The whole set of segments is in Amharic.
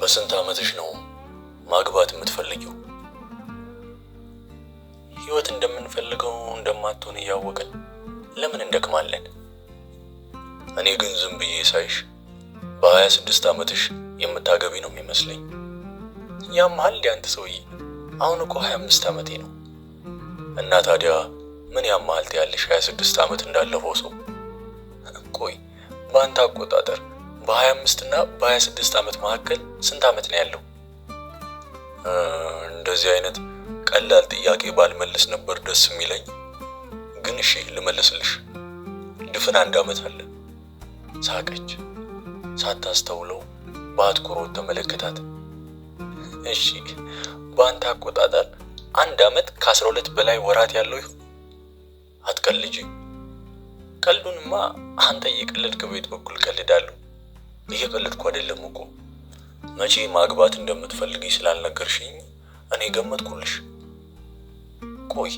በስንት ዓመትሽ ነው ማግባት የምትፈልጊው? ህይወት እንደምንፈልገው እንደማትሆን እያወቅን ለምን እንደክማለን? እኔ ግን ዝም ብዬ ሳይሽ በሀያ ስድስት ዓመትሽ የምታገቢ ነው የሚመስለኝ። ያምሃል ያንተ ሰውዬ፣ አሁን እኮ ሀያ አምስት ዓመቴ ነው። እና ታዲያ ምን ያምሃል ትያለሽ? ሀያ ስድስት ዓመት እንዳለፈው ሰው። ቆይ በአንተ አቆጣጠር በ25 እና በ26 ዓመት መካከል ስንት ዓመት ነው ያለው? እንደዚህ አይነት ቀላል ጥያቄ ባልመልስ ነበር ደስ የሚለኝ፣ ግን እሺ ልመልስልሽ። ድፍን አንድ ዓመት አለ። ሳቀች። ሳታስተውለው በአትኩሮት ተመለከታት። እሺ በአንተ አቆጣጠር አንድ ዓመት ከ12 በላይ ወራት ያለው ይሁን። አትቀልጂ። ቀልዱንማ አንተ እየቀለድክ ቤት በኩል ቀልዳለሁ። እየቀለድኩ አይደለም እኮ መቼ ማግባት እንደምትፈልጊ ስላልነገርሽኝ እኔ ገመትኩልሽ። ቆይ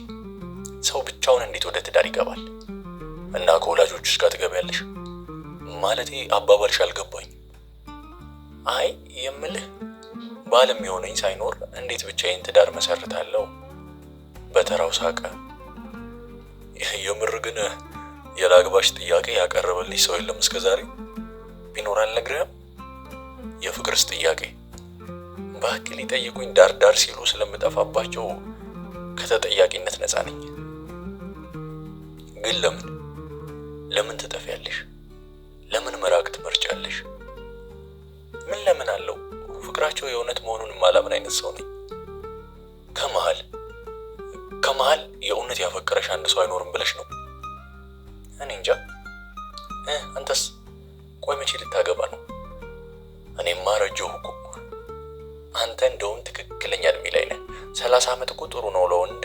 ሰው ብቻውን እንዴት ወደ ትዳር ይገባል? እና ከወላጆችሽ ጋር ትገቢያለሽ? ማለቴ አባባልሽ አልገባኝ። አይ የምልህ ባልም የሆነኝ ሳይኖር እንዴት ብቻዬን ትዳር መሰርታለሁ? በተራው ሳቀ። የምር ግን የላግባሽ ጥያቄ ያቀረበልሽ ሰው የለም እስከ ዛሬ? ቢኖር አልነግርህም። የፍቅርስ ጥያቄ በህግ ሊጠይቁኝ ዳር ዳር ሲሉ ስለምጠፋባቸው ከተጠያቂነት ነፃ ነኝ። ግን ለምን ለምን ትጠፊያለሽ? ለምን መራቅ ትመርጫለሽ? ምን ለምን አለው? ፍቅራቸው የእውነት መሆኑን ማላምን አይነት ሰው ነኝ። ከመሀል ከመሀል የእውነት ያፈቀረሽ አንድ ሰው አይኖርም ብለሽ ነው የማረጀው እኮ አንተ እንደውም ትክክለኛ እድሜ ላይ ነህ። ሰላሳ ዓመት እኮ ጥሩ ነው ለወንድ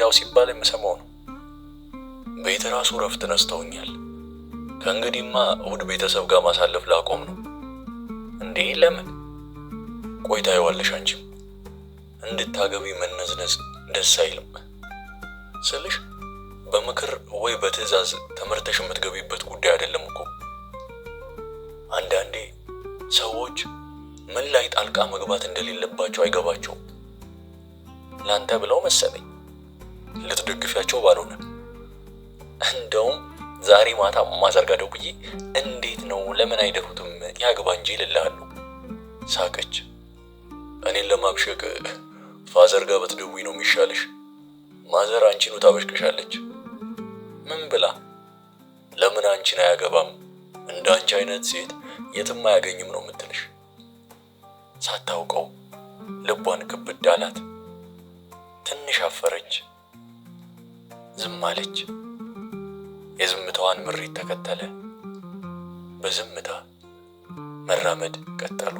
ያው ሲባል የምሰማው ነው። ቤት ራሱ ረፍት ነስተውኛል። ከእንግዲህማ እሁድ ቤተሰብ ጋር ማሳለፍ ላቆም ነው። እንዴ ለምን? ቆይታ ታየዋለሽ። አንቺም እንድታገቢ መነዝነዝ ደስ አይልም ስልሽ በምክር ወይ በትዕዛዝ ተመርተሽ የምትገቢበት ጉዳይ አይደለም ምን ላይ ጣልቃ መግባት እንደሌለባቸው አይገባቸውም። ላንተ ብለው መሰለኝ ልትደግፊያቸው ባልሆነ። እንደውም ዛሬ ማታ ማዘርጋ ደውዬ እንዴት ነው ለምን አይደሁትም ያግባ እንጂ ይልልሃሉ። ሳቀች። እኔን ለማብሸቅ ፋዘርጋ በትደዊ ነው የሚሻልሽ። ማዘር አንቺን ታበሽቅሻለች። ምን ብላ ለምን አንቺን አያገባም? እንደ አንቺ አይነት ሴት የትም አያገኝም ነው የምትልሽ። ሳታውቀው ልቧን ክብድ አላት። ትንሽ አፈረች፣ ዝም አለች። የዝምታዋን ምሪት ተከተለ። በዝምታ መራመድ ቀጠሉ።